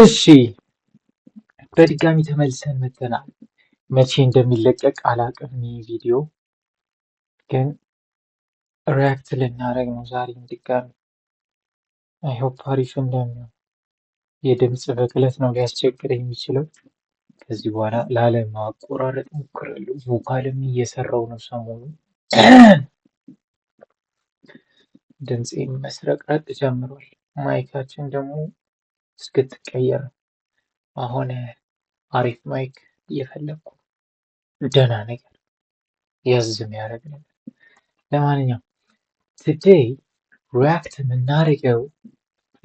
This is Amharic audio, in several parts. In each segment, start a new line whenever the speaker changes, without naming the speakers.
እሺ በድጋሚ ተመልሰን መጥተናል። መቼ እንደሚለቀቅ አላቅም ቪዲዮ ግን ሪያክት ልናደርግ ነው ዛሬም ድጋሚ። አይሆፕ አሪፍ እንደሚሆን የድምፅ በቅለት ነው ሊያስቸግር የሚችለው። ከዚህ በኋላ ላለማቆራረጥ ሞክራለሁ። ቮካልም እየሰራው ነው ሰሞኑ ድምፄ መስረቅረቅ ጀምሯል። ማይካችን ደግሞ እስክትቀየር አሁን አሪፍ ማይክ እየፈለግኩ ደህና ነገር ያዝ የሚያደርግ ነገር። ለማንኛውም ቱዴይ ሪያክት የምናደርገው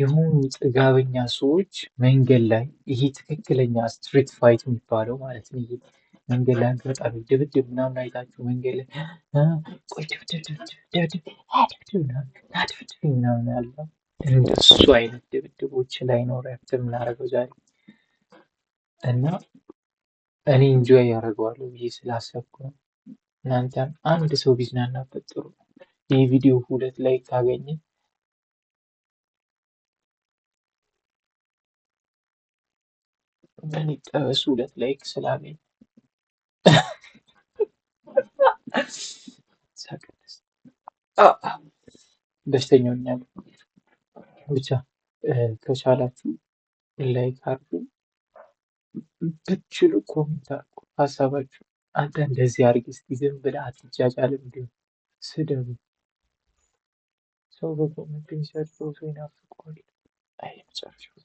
የሆኑ ጥጋበኛ ሰዎች መንገድ ላይ ይሄ ትክክለኛ ስትሪት ፋይት የሚባለው ማለት ነው። ይሄ መንገድ ላይ አጋጣሚ ድብድብ ምናምን አይታችሁ መንገድ ላይ ቆይ ድብድብ ድብድብ ድብድብ ድብድብ ምናምን ያለው እሱ አይነት ድብድቦች ላይ ነው ሪያክት የምናደርገው ዛሬ እና እኔ እንጆይ ያደርገዋለሁ ብዬ ስላሰብኩ ነው። እናንተም አንድ ሰው ቢዝናናበት ጥሩ ነው። ይህ ቪዲዮ ሁለት ላይ ካገኘ ምን ይጠበሱ ሁለት ላይክ ስላገኘ በሽተኛው እኛ ብቻ ከቻላችሁ ላይክ አርጉ፣ ብትችሉ ኮሜንት አርጉ ሀሳባችሁ። አንተ እንደዚህ አርግ እስቲ ዝም ብለህ አትጃጫልም፣ እንዲሁ ስደቡ። ሰው በኮሜንት የሚሰጠው ሰው ይናፍቀዋል። አይ መጨረሻው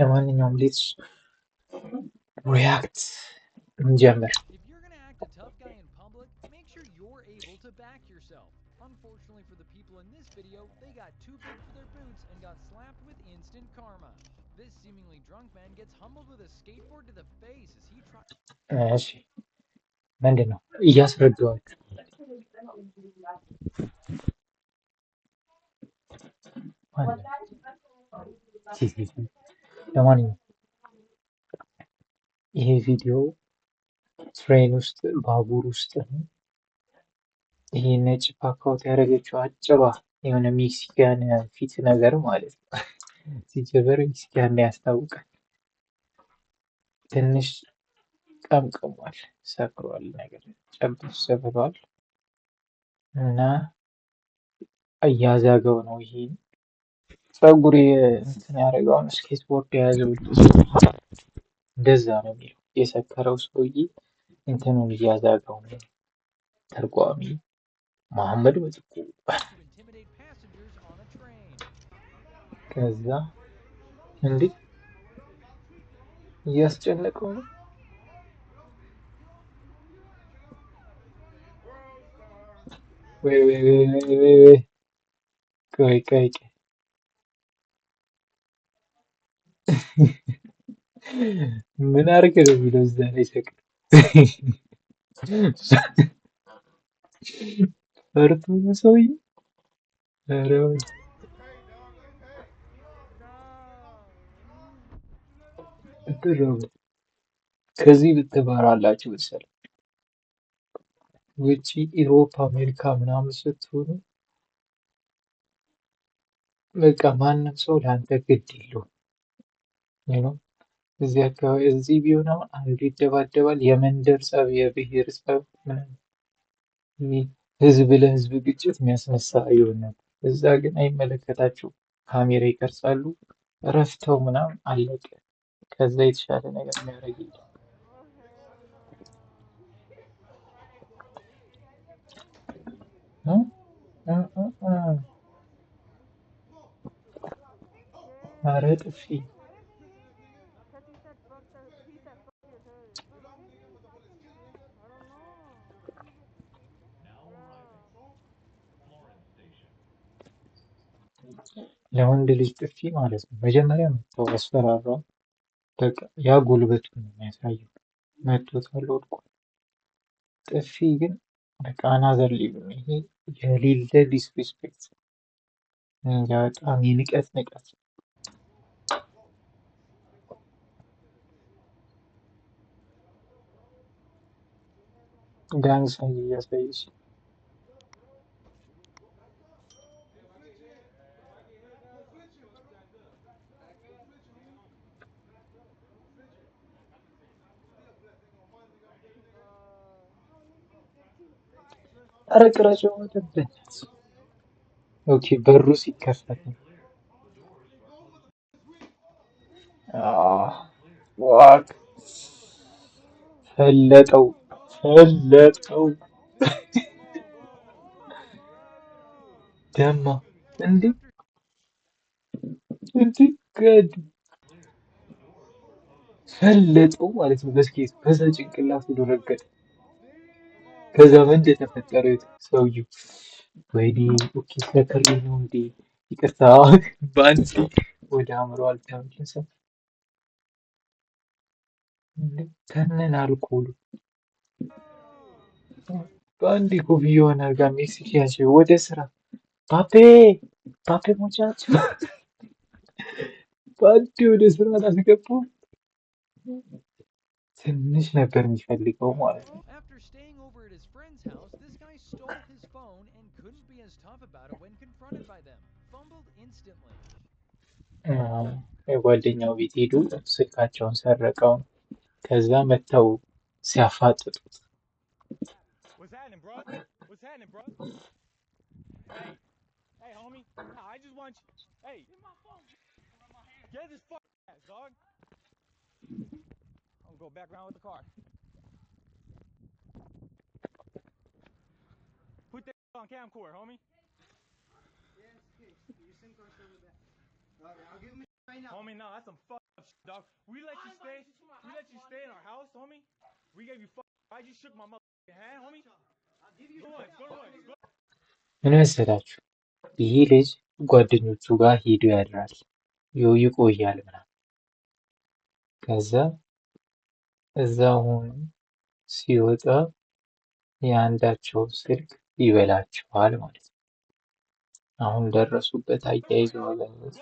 ለማንኛውም ሌትስ ሪያክት እንጀምር። people in this video, they got too big for their boots and got slapped with instant karma. This seemingly drunk man gets humbled with a skateboard to the face as he tries... ماشي ما عندنا إياس رد Sí, sí, sí. ثمانية ይሄ ቪዲዮ ትሬን ውስጥ ባቡር ውስጥ ይህ ነጭ ፓካውት ያደረገችው አጭሯ የሆነ ሜክሲካን ፊት ነገር ማለት ነው። ሲጀበር ሜክሲካን ላይ ያስታውቃል። ትንሽ ቀምቅሟል፣ ሰክሯል፣ ነገር ጨብስ ሰብሯል እና እያዛገው ነው። ይሄ ጸጉር እንትን ያደረገውን ስኬትቦርድ የያዘው እንደዛ ነው የሚለው የሰከረው ሰውዬ እንትኑን እያዛገው ነው ተርጓሚ मोहम्मद मुझको कैसा Hindi yes channel कौन वे वे वे वे वे वे कोई कोई के ምን አርገ ነው የሚለው እዛ ላይ ሰቅ Ahora tú no soy. Ahora. ከዚህ ትበራላችሁ መሰለ ውጪ አሜሪካ ምናምን ስትሆኑ በቃ ማንም ሰው ለአንተ ግድ የለውም። እዚህ አካባቢ እዚህ ቢሆን አሁን አንዱ ይደባደባል። የመንደር ጸብ፣ የብሄር ጸብ ምናምን ህዝብ ለህዝብ ግጭት የሚያስነሳ ይሆናል። እዛ ግን አይመለከታቸው ካሜራ ይቀርጻሉ፣ ረፍተው ምናምን አለቀ። ከዛ የተሻለ ነገር የሚያደርግ የለም። እ? ጥፊ ለወንድ ልጅ ጥፊ ማለት ነው። መጀመሪያ መጥተው አስፈራራው። በቃ ያ ጉልበቱን የሚያሳየው መቶታል፣ ወድቋል። ጥፊ ግን በቃ አናዘር ሊቭል ነው። ይሄ የሌለ ዲስሪስፔክት በጣም የንቀት ንቀት ጋንሳይ እያሳየች ኧረ ጭራጭ ወደበት ኦኬ፣ በሩ ሲከፈት ዋክ ፈለጠው ፈለጠው ደማ እንዴ እንዴ ገድ ፈለጠው ማለት ነው። በስኬት በዛ ጭንቅላት ወደ ረገጠ ከዛ ምንድ የተፈጠረው ሰውዬው? ወይኔ ኦኬ ነው እንዴ? ይቅርታ በአንድ ወደ አእምሮ አልተመለሰም። ከነን አልኮሉ በአንድ ኮፍያውን አርጋ ሜክሲኪያች ወደ ስራ ባፔ ባፔ ሞቻች በአንድ ወደ ስራ ላስገቡ ትንሽ ነበር የሚፈልገው ማለት ነው። friend's house, this guy stole his phone and couldn't be as tough about it when confronted by them. Fumbled instantly. Um, የጓደኛው ቤት ሄዱ ስልካቸውን ሰረቀው። ከዛ ሲያፋጥጡት I to go back around with the car. on camcorder, homie. Yes, you sync us over there. Alright, I'll give him right now. Homie, no, that's some fuck up shit, dog. We let you stay. We let you stay in our house, homie. We gave you fuck. Why'd you shook my motherfucking hand, homie? ምን መሰላችሁ ይሄ ልጅ ጓደኞቹ ጋር ሄዶ ያድራል ይቆያል ምናምን ከዛ እዛ ሆኖ ሲወጣ የአንዳቸው ስልክ ይበላቸዋል ማለት ነው። አሁን ደረሱበት አያይዘው መገኘት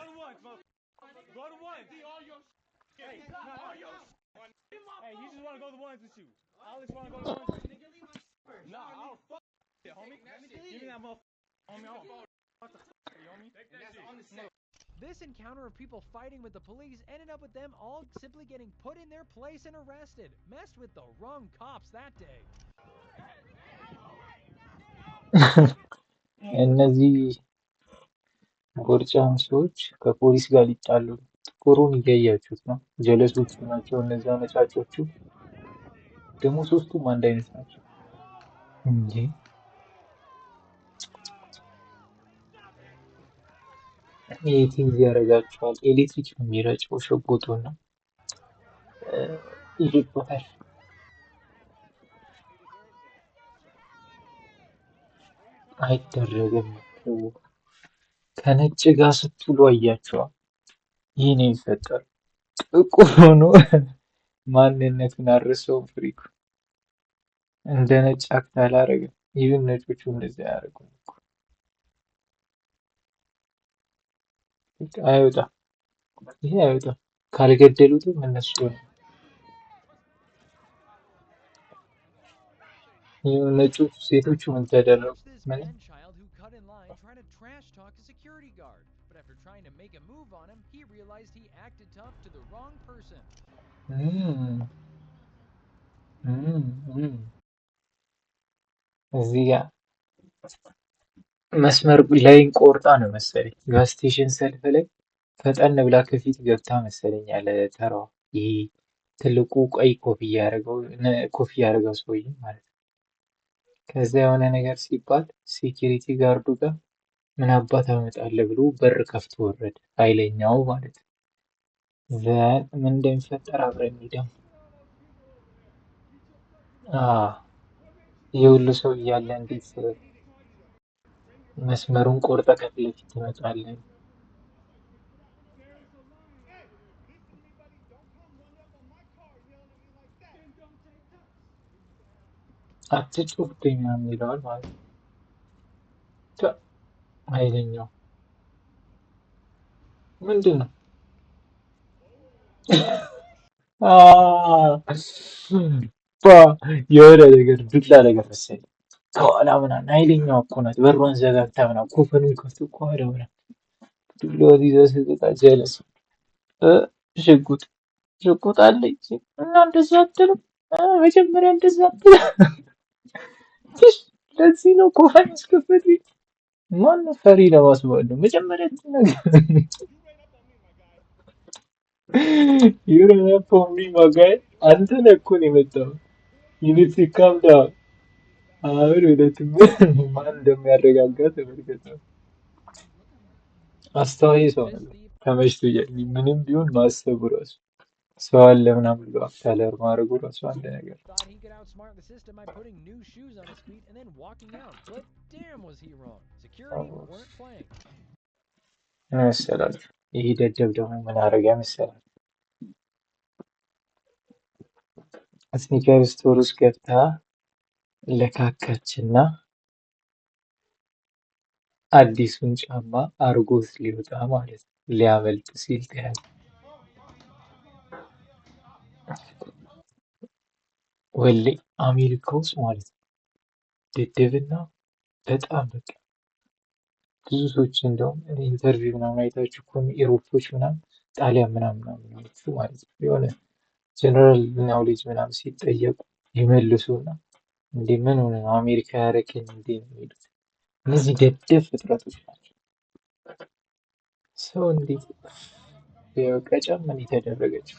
This encounter of people fighting with the police ended up with them all simply getting put in their place and arrested. Messed with the wrong cops that day. እነዚህ ጎርጫም ሰዎች ከፖሊስ ጋር ሊጣሉ ጥቁሩን እያያችሁት ነው። ጀለሶቹ ናቸው እነዚያ ነጫጮቹ። ደግሞ ሶስቱም አንድ አይነት ናቸው እንጂ የቲቪ ያደርጋቸዋል። ኤሌክትሪክ የሚረጨው ሸጎጡን ነው ይልቆታል። አይደረግም። ከነጭ ጋር ስትውሉ አያቸዋ ይህ ነው ይፈጠር ጥቁር ሆኖ ማንነቱን አርሰው ፍሪኩ እንደ ነጭ አክት አላረግም። ይህን ነጮቹ እንደዚህ አያደርጉም እኮ አይወጣም። ይሄ አይወጣም ካልገደሉትም እነሱ ነው ነጮቹ ሴቶቹ ምን ተደረጉ? ምን hmm. Hmm. Hmm. እዚህ ጋ መስመር ላይን ቆርጣ ነው መሰለኝ። ጋዝ ስቴሽን ሰልፍ ላይ ፈጠን ብላ ከፊት ገብታ መሰለኝ ያለ ተራዋ ይሄ ትልቁ ቀይ ኮፍያ ያደረገው ሰውዬ ማለት ነው። ከዛ የሆነ ነገር ሲባል ሴኪሪቲ ጋርዱ ጋር ምን አባት አመጣለህ ብሎ በር ከፍቶ ወረደ። ኃይለኛው ማለት ነው። ዘን ምን እንደሚፈጠር አብረን ደግሞ የሁሉ ሰው እያለ እንዴት መስመሩን ቆርጠ ከፊት ለፊት ትመጣለን? አትጩህብኝ ምናምን ይለዋል ማለት ነው። ኃይለኛው ምንድን ነው? የሆነ ነገር ዱላ ነገር መሰለኝ ከኋላ ምናምን ኃይለኛው እኮ ናት። በሯን ዘጋግታ ምናምን ኮፈኑን ከፍቶ ከኋላ ምናምን ዱላውን ይዛ ስትወጣ ጀለስ ሽጉጥ ሽጉጥ አለኝ እና እንደዛ አትልም መጀመሪያ እንደዛ አትልም ለዚህ ነው ኮፋኝ እስከፈል ማን ፈሪ ለማስባሉ መጀመሪያ ነገር ፎሚ ማጋይ አንተ ነኩን የመጣው ይልትካምዳ አሁን ወደት ማን እንደሚያረጋጋ ተመልከተ። አስተዋይ ሰው ነው። ተመችቶ ምንም ቢሆን ማሰቡ ራሱ ሰው አለ ምናምን ብሎ ማድረጉ ራሱ አንድ ነገር። oh. ምን መሰላል ይህ ደደብ ደግሞ ምን አረገ መሰላል ስኒከር ስቶር ውስጥ ገብታ ለካካችና አዲሱን ጫማ አርጎት ሊወጣ ማለት ሊያመልጥ ሲል ወሌ አሜሪካ ውስጥ ማለት ነው። ድድብና በጣም በቃ ብዙ ሰዎች እንደውም ኢንተርቪው ምናምን አይታችሁ ከሆነ ኤሮፖች ምናምን ጣሊያን ምናምን ምናምን ማለት ነው የሆነ ጀነራል ናውሌጅ ምናምን ሲጠየቁ ይመልሱና እንዴ ምን ሆነ ነው አሜሪካ ያደረገኝ እንዴ የሚሉት እነዚህ ደደብ ፍጥረቶች ናቸው። ሰው እንዴት ቀጨምን የተደረገችው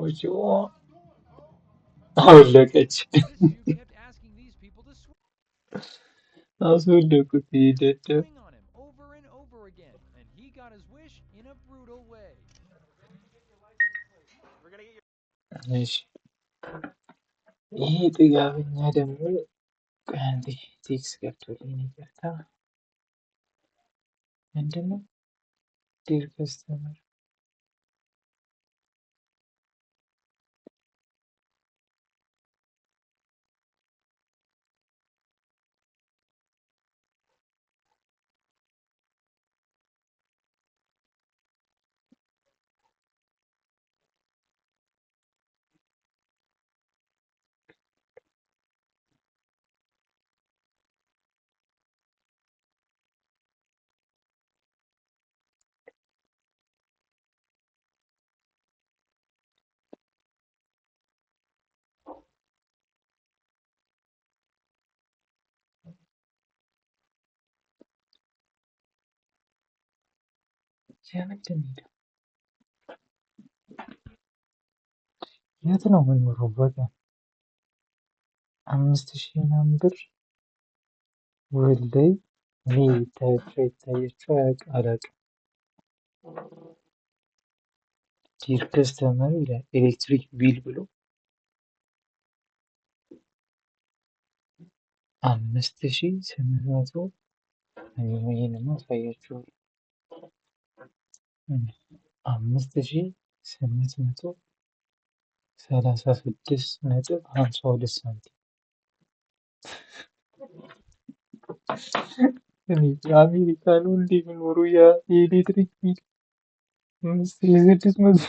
我就 öldüreceğim. Nasıl öldürdük iyi dedi. Neyse. İyiydi ya nereden bu? Geldi. Dix geldi. Yine geldi ama. Bende mi? Değil göstermiyor. ሲያነድ እንሄዳለን። የት ነው የምንኖረው? በቀን አምስት ሺህ ምናምን ብር ወል እኔ ይታያቸው ይታያቸው አያውቅም ዲር ከስተመር ይላል ኤሌክትሪክ ቢል ብሎ አምስት ሺህ ስምንት መቶ እኔ ይህንማ አሳያችኋለሁ። አምስት ሺ ስምንት መቶ ሰላሳ ስድስት ነጥብ ሀምሳ ሁለት ሳንቲም አሜሪካ ነው እንዴ የምኖሩ? የኤሌክትሪክ ቢል አምስት ሺ ስድስት መቶ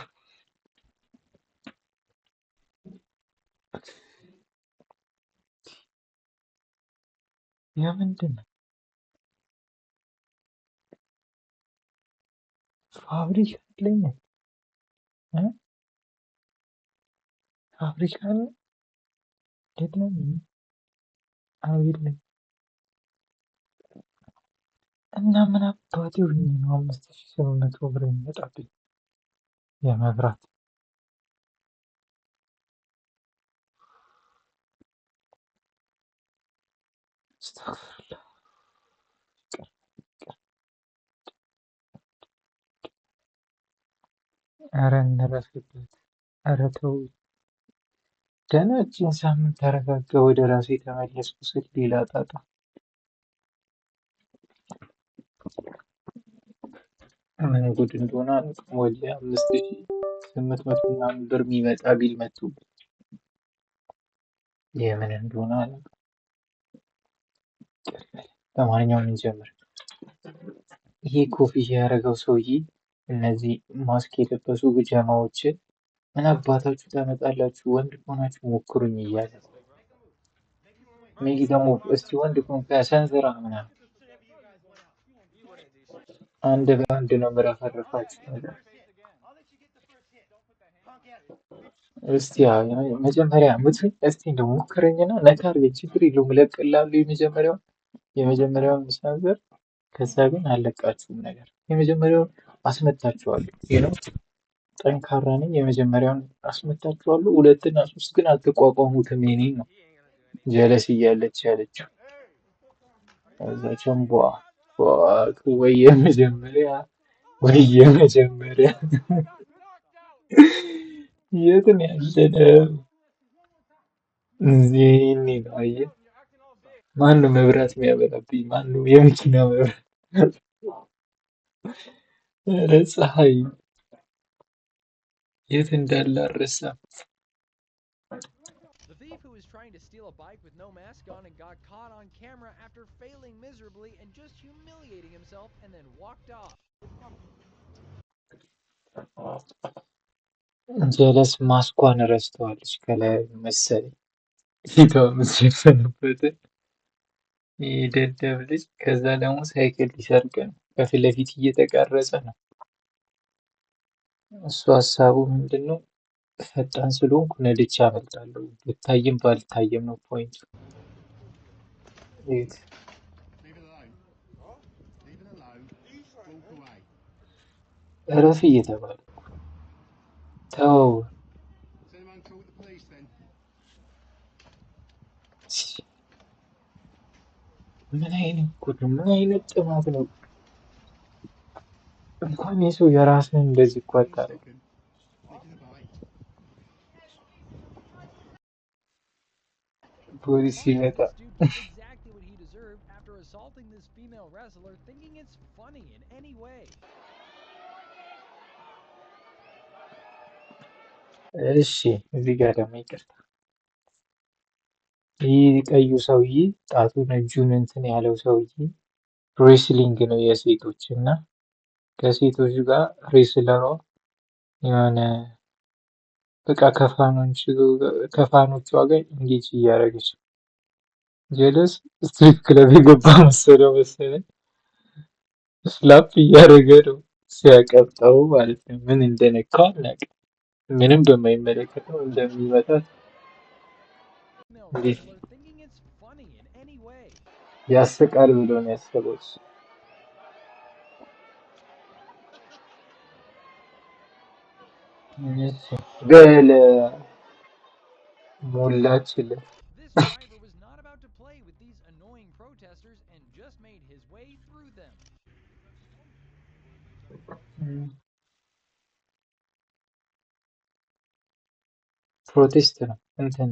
ያ ነው? Fabrika playing? Huh? Fabrika कितना नहीं अमीर नहीं እና ምን አባቴ ሆኜ ነው አምስት ሺህ ስምንት መቶ ብር የሚመጣብኝ የመብራት ስተፍር ኧረ እንረፍድበት! ኧረ ተው! ደህና እችን ሳምንት ተረጋጋ ወደ ራሴ የተመለስኩ ስል ሌላ ጣጣ። ምን ጉድ እንደሆነ አላውቅም። ወላሂ አምስት ሺ ስምንት መቶ ምናምን ብር የሚመጣ ቢል መጡብኝ። የምን እንደሆነ አላውቅም። ለማንኛውም እንጀምር። ይሄ ኮፊ ያደረገው ሰውዬ እነዚህ ማስክ የለበሱ ጀማዎችን ምን አባታችሁ ታመጣላችሁ? ወንድ ሆናችሁ ሞክሩኝ እያለ ሚጊ ደግሞ እስቲ ወንድ ኮንካ ሰንዝራ ምናምን አንድ በአንድ ነው ምረፈረፋችሁ። እስቲ መጀመሪያ ምት እስቲ እንደ ሞክረኝና ነካ አድርገኝ፣ ችግር የለውም እለቅልሃለሁ። የመጀመሪያውን የመጀመሪያውን ሰንዝር፣ ከዛ ግን አለቃችሁም ነገር የመጀመሪያውን አስመታችኋለሁ። ይህ ነው ጠንካራ ነኝ። የመጀመሪያውን አስመታችኋለሁ፣ ሁለትና ሶስት ግን አትቋቋሙትም። የኔ ነው ጀለስ እያለች ያለችው እዛቸውን በዋ ወይ የመጀመሪያ ወይ የመጀመሪያ የትን ያለደ እዚህ ነው። ማን ነው መብራት የሚያበራብኝ? ማን ነው የመኪና መብራት ኧረ ፀሐይ የት እንዳለ አልረሳም። The thief who was trying to steal a bike with no mask on and got caught on camera after failing miserably and just humiliating himself and then walked off. ጀለስ ማስኳን ረስተዋለች ከላይ መሰለኝ ፊቷ የምትሸፈንበትን ይህ ደደብ ልጅ ከዛ ደግሞ ሳይክል ሊሰርቅ ነው። ከፊት ለፊት እየተቀረጸ ነው። እሱ ሀሳቡ ምንድን ነው? ፈጣን ስለሆንኩ ነድቼ አመልጣለሁ። ብታይም ባልታየም ነው ፖይንቱ። እረፍ እየተባለ ተው። ምን አይነት ጉድ! ምን አይነት ጥማት ነው! እንኳን የሰው የራስን እንደዚህ ይቆጣል። ፖሊስ ሲመጣ እሺ፣ እዚህ ጋር ደግሞ ይቅርታ፣ ይህ ቀዩ ሰውዬ ጣቱን እጁን እንትን ያለው ሰውዬ ሬስሊንግ ነው የሴቶች እና ከሴቶች ጋር ሬስለሯ የሆነ በቃ ከፋኖቿ ጋር ኢንጌጅ እያደረገች ጀለስ ስትሪፕ ክለብ የገባ መሰለው መሰለኝ ስላፕ እያደረገ ነው ሲያቀብጠው ማለት ነው። ምን እንደነካው አናውቅም። ምንም በማይመለከተው እንደሚመታት እንዴት ያስቃል ብሎ ነው ያሰበው። Böyle mullaçlı. ፕሮቴስት ነው እንትን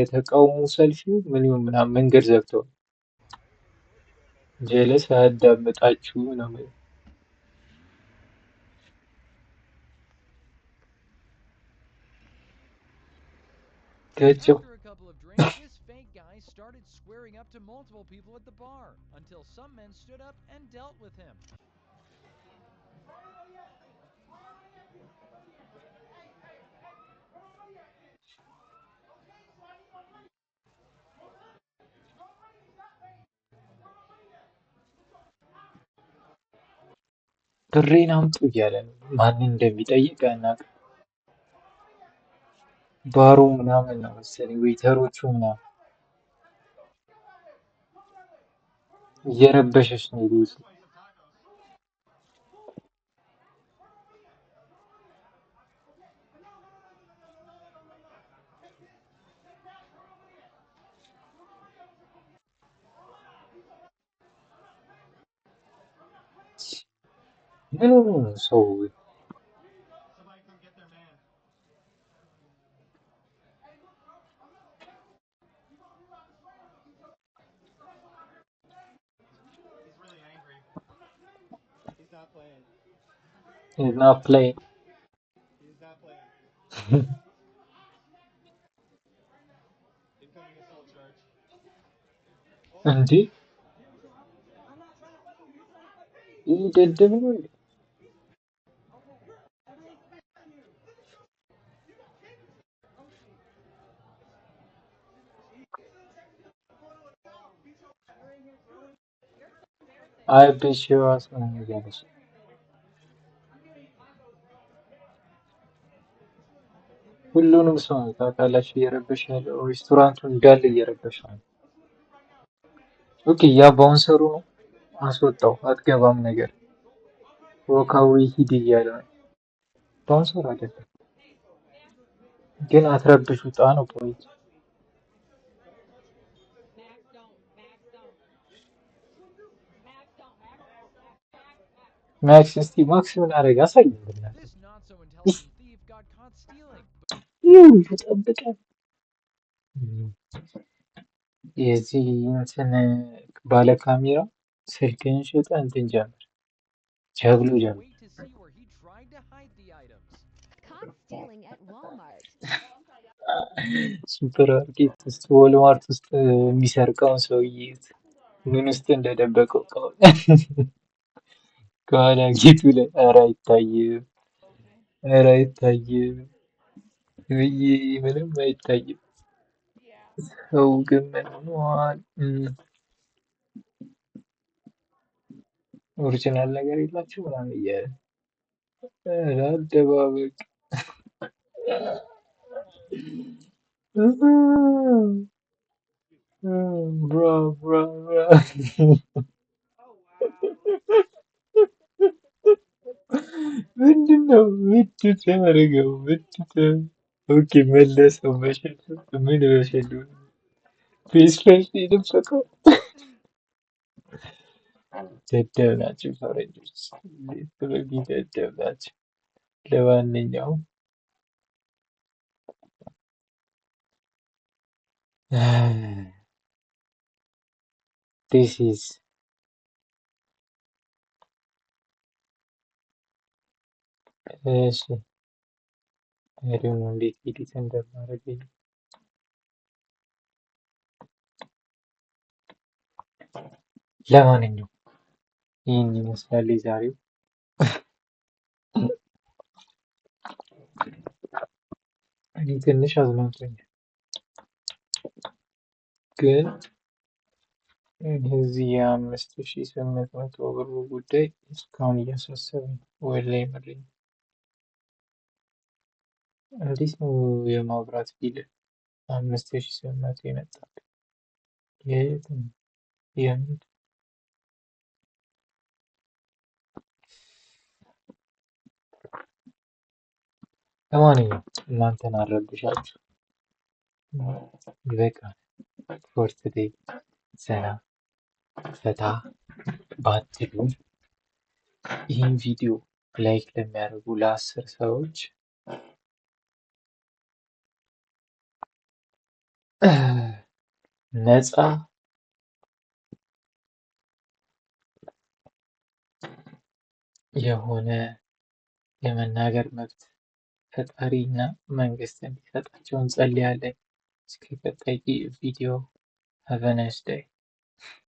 የተቃውሞ ሰልፊ ምንም ምናምን መንገድ ዘግተው ጀለስ አያዳምጣችሁም ነው የሚለው። Good job. After a couple of drinks, this fake guy started squaring up to multiple people at the bar until some men stood up and dealt with him. አምጡ እያለ ማን እንደሚጠይቅ አናውቅም። ባሮ ምናምን ነው መሰለኝ ዌይተሮቹ ምናምን እየረበሸች ነው ቤቱ። ምን ሰው not play. He's not playing. Andy? He did delivery. I'll be sure as when you get ሁሉንም ሰው ነው ታውቃላችሁ፣ እየረበሽ ያለው ሬስቶራንቱ እንዳለ እየረበሽ ነው። ኦኬ፣ ያ ባውንሰሩ ነው አስወጣው፣ አትገባም ነገር ወካዊ ሂድ እያለ ነው። ባውንሰር አይደለም ግን አትረብሽ፣ ውጣ ነው ፖይንት። ማክስ እስቲ ማክስ ምን አደረገ አሳይ ብናል ሁሉ ጠብቀን የዚህ እንትን ባለ ካሜራ ስልክን ሽጠ እንትን ጀምር ጀግሎ ጀምር ሱፐር ማርኬት ውስጥ ወልማርት ውስጥ የሚሰርቀውን ሰውዬ ምን ውስጥ እንደደበቀው እቃውን ከኋላ ጌቱ ላይ ኧረ አይታይም፣ ኧረ አይታይም። Yemedim ve takip. Savgın memnun. Original ነገር የላችሁ ምናምን እያለ አደባበቅ ብራ ብራ ብራ ምንድን ነው ምትት ያደረገው ምትት Who can win this submission? Submission, dude. Please finish the episode. ደደብናችሁ ፈረንጆች እንዴት ብሎጊ ደደብ ናቸው። ለማንኛውም this is እሺ አሪውን እንዴት ኤዲት እንደማደርግ ለማንኛውም ይህን ይመስላል ዛሬው እኔ ትንሽ አዝናንቶኛል ግን እዚህ የአምስት ሺህ ስምንት መቶ ብሩ ጉዳይ እስካሁን እያሳሰበኝ ላይ ምሬኝ ritmu jau malbrāt pīļa un mēs tieši esam mēs vienēt tā. Iejiet un iemīt. Tamani, man te nāra bižāt. Dveka, forcedi, cena, feta, bat-tibur, in video, plec le mergulas sau ce, ነፃ የሆነ የመናገር መብት ፈጣሪ እና መንግስት እንዲሰጣቸው እንጸልያለን። እስከ ቀጣይ ቪዲዮ ሀቨ ናይስ ዴይ